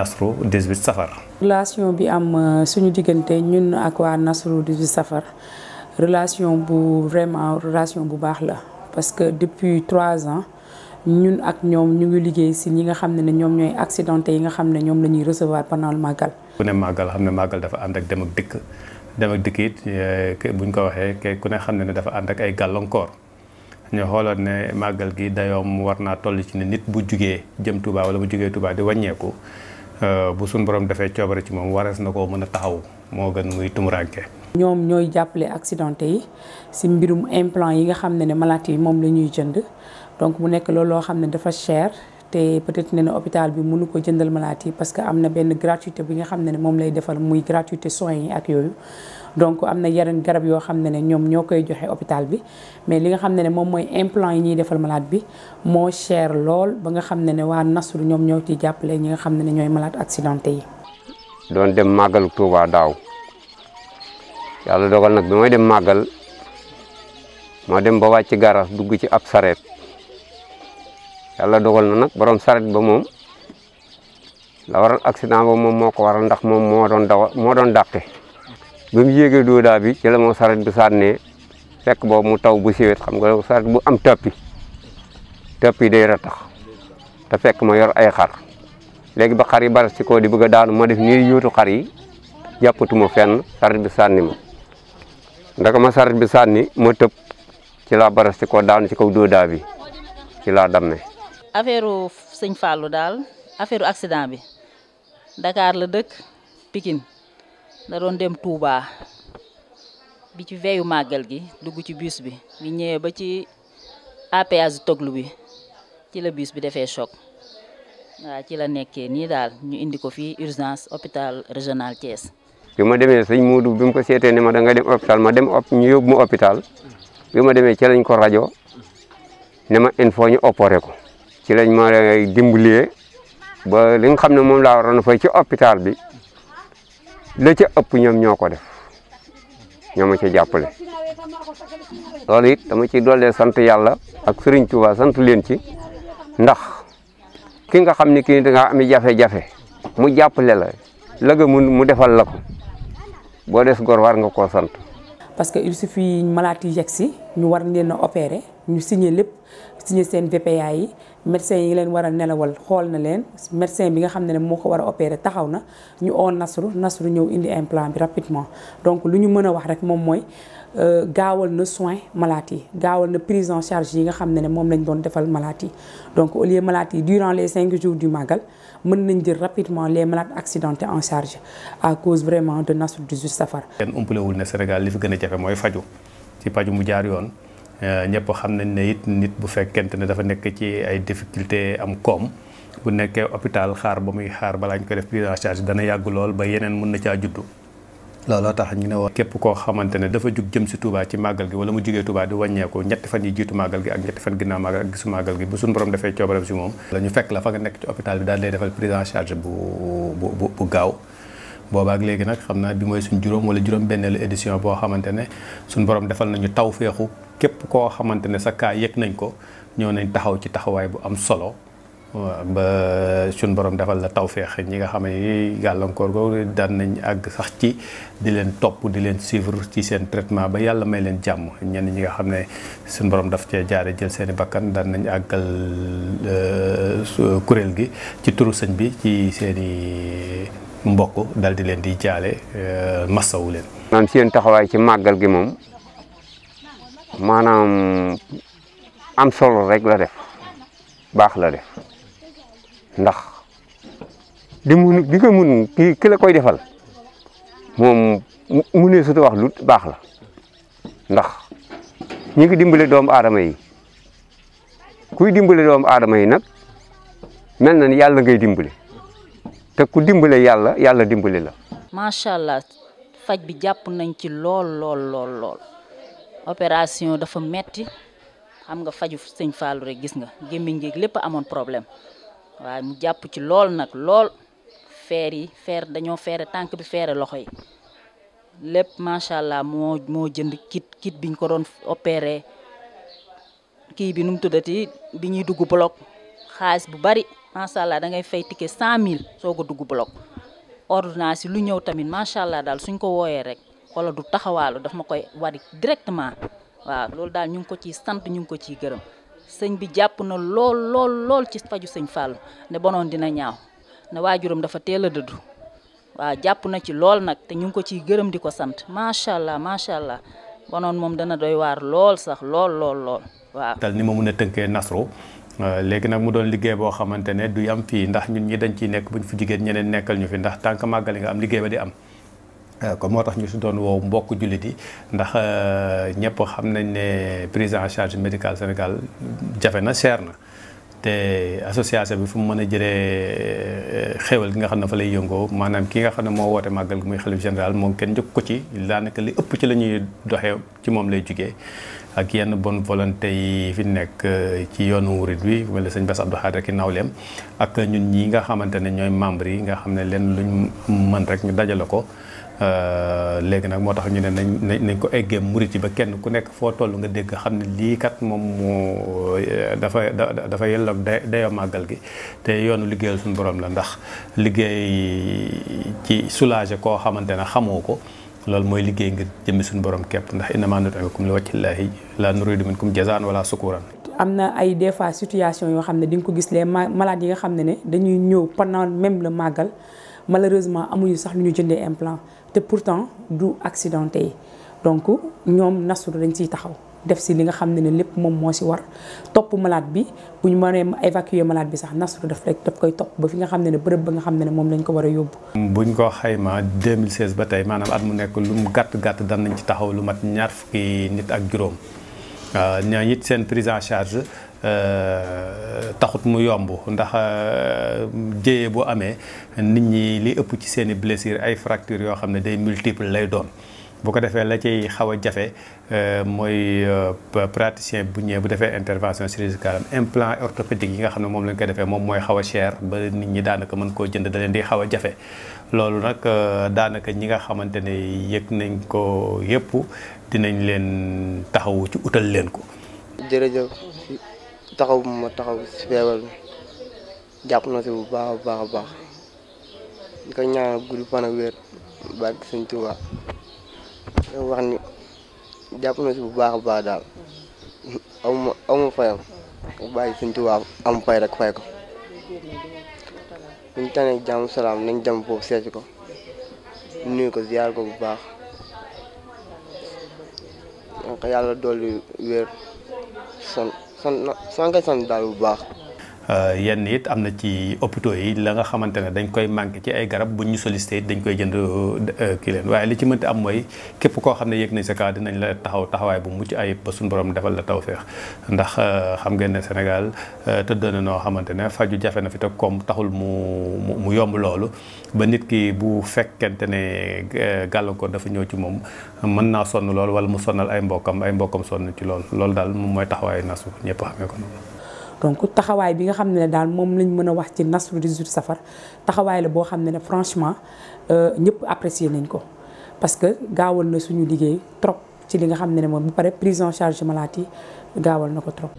Nasru 18 safar. relation bi am euh, suñu diggante ñun ak waa Nasru 18 safar relation bu vraiment relation bu baax la parce que depuis trois ans ñun ak ñoom ñu ngi liggéey si ñi nga xam ne ñoom ñooy accidenté yi nga xam ne ñoom la ñuy recevoir pendant le màggal. ku ne màggal xam ne màggal dafa ànd ak dem ak dikk dem ak dikk it euh, buñ ko waxee ku ne xam ne ne dafa ànd ak ay gàllankoor. ñu xooloon ne màggal gi dayoom war naa toll ci ne nit bu jugee jëm Touba wala bu jugee Touba di wàññeeku Euh, bu suñ borom defee coobare ci moom warees na koo mën a taxaw moo gën muy tumuranke ñoom ñooy jàppale accidenté yi si mbirum implant yi nga xam ne ne maladie yi moom la ñuy jënd donc mu nekk lool loo xam ne dafa cher te peut-être ne ne hôpital bi mënu ko jëndal maladie yi parce que am na benn gratuité bi nga xam ne ne moom lay defal muy gratuité soins yi ak yooyu donc am na yeneen garab yoo xam ne ne ñoom ñoo koy joxe hôpital bi mais li nga xam ne ne moom mooy implant yi ñuy defal malaat bi moo cher lool ba nga xam ne ne waa Nasru ñoom ñoo ciy jàppale ñi nga xam ne ne ñooy malade accidenté yi. doon dem màggalu Touba daaw yàlla dogal nag bi may dem màggal moo dem ba wàcc garas dugg ci ab sareet yàlla dogal na nag borom sareet ba moom la waral accident ba moom moo ko waral ndax moom moo doon dawa moo doon dàqe. ba mu yéegee doodaa bi ci la moo saret bi sànnee fekk boobu mu taw bu siwet xam nga saret bu am tappi tappi day ratax te fekk ma yor ay xar léegi ba xar yi baras di bëgg a daanu ma def nii yóotu xar yi jàppatuma fenn saret bi sànni ma ndaka ma saret bi sànni ma tëb ci laa baras ci koo daanu ci kaw doodaa bi ci laa damme affaire sëñ Fallou daal affaire accident bi Dakar la dëkk Pikine da doon dem Touba bi ci veyu màggal gi dugg ci bus bi bi ñëwee ba ci APS toglu bi ci la bus bi defee choc waaw ci la nekkee nii daal ñu indi ko fii urgence hôpital régional Thiès. bi ma demee sëñ Moodu bi mu ko seetee ne ma da nga dem hôpital ma dem op ñu yóbbu ma hôpital bi ma demee ci lañ ko rajo ne ma il ñu opéré ko ci lañ ma dimbalee ba li nga xam ne moom laa waroon a fay ci hôpital bi. la ca ëpp ñoom ñoo ko def ñoo ma ci jàppale loolu it dama ci dollee sant yàlla ak Serigne Touba sant leen ci ndax ki nga xam ni kii da nga amee jafe-jafe mu jàppale la la nga mu defal la ko boo war nga ko sant parce que il suffit malaat yi yegg si ñu war leen a ñu signer lépp signer seen VPA yi médecin yi leen war a nelawal xool na leen médecin bi nga xam ne moo ko war a opérer taxaw na ñu oo Nasru Nasru ñëw indi implant bi rapidement donc lu ñu mën a wax rek moom mooy. Euh, gaawal na soin malade yi gaawal na prise en charge yi nga xam ne ne moom lañ doon defal malade yi donc au lieu malade yi durant les cinq jours du magal mën nañ jël rapidement les malades accidentés en charge à cause vraiment de Nasrou du Safar. kenn umpalewul ne Sénégal li fi gën a jafe mooy faju ci paju mu jaar yoon euh, ñëpp xam nañ ne it nit bu fekkente ne dafa nekk ci ay difficulté am koom bu nekkee hôpital xaar ba muy xaar balaa ñu ko def prise en dana yàgg lool ba yeneen mën na caa juddu. looloo tax ñu ne wax képp koo xamante ne dafa jug jëm si Touba ci màggal gi wala mu jugee Touba di wàññeeku ñetti fan yi jiitu màggal gi ak ñetti fan ginnaaw màggal ak gisu màggal gi bu suñu borom defee coobaram si moom la ñu fekk la fa nga nekk ci hôpital bi daal lay defal prise en charge bu bu bu gaaw boobaak léegi nag xam naa bi mooy suñ juróom wala juróom benneelu édition boo xamante ne suñ borom defal nañu taw feexu képp koo xamante ne sa kaa yëg nañ ko ñoo nañ taxaw ci taxawaay bu am solo ba suñ borom defal la tawféex ñi nga xam ne gàllankoor googu daan nañ àgg sax ci di leen topp di leen suivre ci seen traitement ba yàlla may leen jàmm ñenn ñi nga xam ne suñ borom daf cee jaare jël seen i bakkan daan nañ àggal euh, kuréel gi ci turu sëñ bi ci seen i mbokk dal di leen di jaale euh, massawu leen. maanaam seen taxawaay ci màggal gi moom maanaam am solo rek la def baax la def. ndax li mu li nga mun ki ki la koy defal moom mu ne wax lu baax la ndax ñi ngi dimbale doomu aadama yi kuy dimbale doomu aadama yi nag mel na ni yàlla ngay dimbale te ku dimbale yàlla yàlla dimbale la. macha allah faj bi jàpp nañ ci lool lool lool lool opération dafa metti xam nga faju sëñ Fallou rek gis nga gémmiñ gi lépp amoon problème. waaye mu jàpp ci lool nag lool feer yi feer dañoo feere tànk bi feere loxo yi lépp macha allah moo moo jënd kit bi ñu ko doon opéré kii bi nu mu tuddati bi ñuy dugg block xaalis bu bari macha allah da ngay fay ticket cent mille soo ko dugg bloc ordonnance lu ñëw tamit macha allah daal suñ ko wooyee rek wala du taxawaalu daf ma koy wari directement waaw loolu daal ñu ngi ko ciy sant ñu ngi ko ciy gërëm. sëñ bi jàpp na lool lool lool ci faju sëñ Fall ne bonoon dina ñaaw ne waajuram dafa teel a dëddu waaw jàpp na ci lool nag te ñu ngi ko ciy gërëm di ko sant macha allah macha allah bonoon moom dana doy waar lool sax lool lool lool waaw. tal ni ma mun a tënkee Nasro euh, léegi nag mu doon liggéey boo xamante ne du am fii ndax ñun ñi dañ ciy nekk bu ñu fi jigéen ñeneen nekkal ñu fi ndax tànk màggali nga am liggéey ba di am. Euh, kon moo tax ñu si doon woow mbokk jullit di ndax euh, ñëpp xam nañ ne prise en charge médical Sénégal jafe na cher na te association bi fu mu mën a jëlee euh, xéewal gi nga xam ne fa lay yëngoo maanaam ki nga xam ne moo woote màggal gi muy xalif général moom kenn njëkk ko ci daanaka li ëpp ci la ñuy doxee ci moom lay jugee ak yenn bonne volonté yi fi nekk ci yoonu murid bi mel ni sëñ Bass Abdou Khadre ki nawleem ak ñun ñi nga xamante ne ñooy membres yi nga xam ne leen luñ mën rek ñu dajale ko Euh, léegi nag moo tax ñu ne nañ nañ ko eggee murit yi ba kenn ku nekk foo toll nga dégg xam ne lii kat moom moo euh, dafa dafa yelloog dayoo màggal gi te yoonu liggéeyal suñu borom la ndax liggéey ci soulager koo xamante ne xamoo ko loolu mooy liggéey ngir jëmmi suñu borom képp ndax innama nut'imukum li wajhillaahi laa nuriidu minkum jazaan wala sukuran am na ay des fois situation yoo xam ne di nga ko gis les malades yi nga xam ne ne dañuy ñëw pendant même le màggal malheureusement amuñu sax lu ñu jëndee implant te pourtant du accidenté yi donc ñoom Nasru dañ ciy taxaw def si li nga xam ne ne lépp moom moo si war topp malaat bi bu ñu mënee évacuer malade bi sax Nasru daf rek daf koy topp ba fi nga xam ne ne bërëb ba nga xam ne ne moom lañ ko war a yóbbu. buñ ko xayma 2016 ba tey maanaam at mu nekk lu mu gàtt gàtt dan nañ ci taxaw lu mat ñaar fukki nit ak juróom ñaa it seen prise en charge. Euh, taxut mu yomb ndax euh, jéyee bu amee nit ñi li ëpp ci seeni blessure ay fracture yoo xam ne day multiple lay doon bu ko defee la ciy xaw a jafe euh, mooy praticien bu ñëwee bu defee intervention chirurgicale implant orthopédique yi nga xam ne moom lañ ko defee moom mooy xawa a cher ba nit ñi daanaka mën koo jënd da leen di xaw jafe. loolu nag daanaka ñi nga xamante ne yëg nañ ko yëpp dinañ leen taxawu ci utal leen ko. taxaw bu ma taxaw si feebar bi jàpp na si bu baax a baax a baax di ko ñaanal gudd fan ak wér barke sëñ wax ni jàpp na si bu baax a baax daal aw fayam bàyyi sëñ Tuubaa am fay rek fay ko buñ tane jàmm salaam nañ dem foofu seeti ko nuyu ko ziar ko bu baax donc yàlla dolli wér son sant na sant kay sant daal bu baax. Euh, yenn it am na ci hôpitaux yi la nga xamante ne dañ koy manqué ci ay garab buñ ñu sollicité it dañ koy jënd euh, ki leen waaye li ci mënti am mooy képp koo xam ne yëg nañ sa kaa dinañ la taxaw taxawaay bu mucc ay ba suñu borom defal la taw feex ndax euh, xam ngeen ne Sénégal tëdd na noo xamante ne faju jafe na fi te koom taxul mu mu yomb loolu ba nit ki bu fekkente ne gàllankoor dafa ñëw ci moom mën naa sonn loolu wala mu sonnal ay mbokkam ay mbokkam sonn ci loolu loolu daal moom mooy taxawaayu nasu ñëpp xamee ko donc taxawaay bi nga xam ne daal moom lañ mën a wax ci Nasrou 18 safar taxawaay la boo xam ne ne franchement euh, ñëpp apprécier nañ ko parce que gaawal na suñu liggéey trop ci li nga xam ne ne moom ba pare prise en charge malade yi gaawal na ko trop